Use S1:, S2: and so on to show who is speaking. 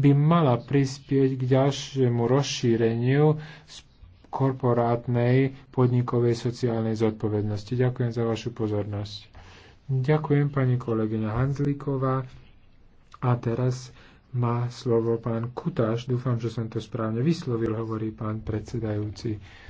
S1: by mala prispieť k ďalšiemu rozšíreniu korporátnej podnikovej sociálnej zodpovednosti. Ďakujem za vašu pozornosť. Ďakujem pani kolegyňa Hanzlíková. A teraz má slovo pán Kutáš. Dúfam, že som to správne vyslovil, hovorí pán predsedajúci.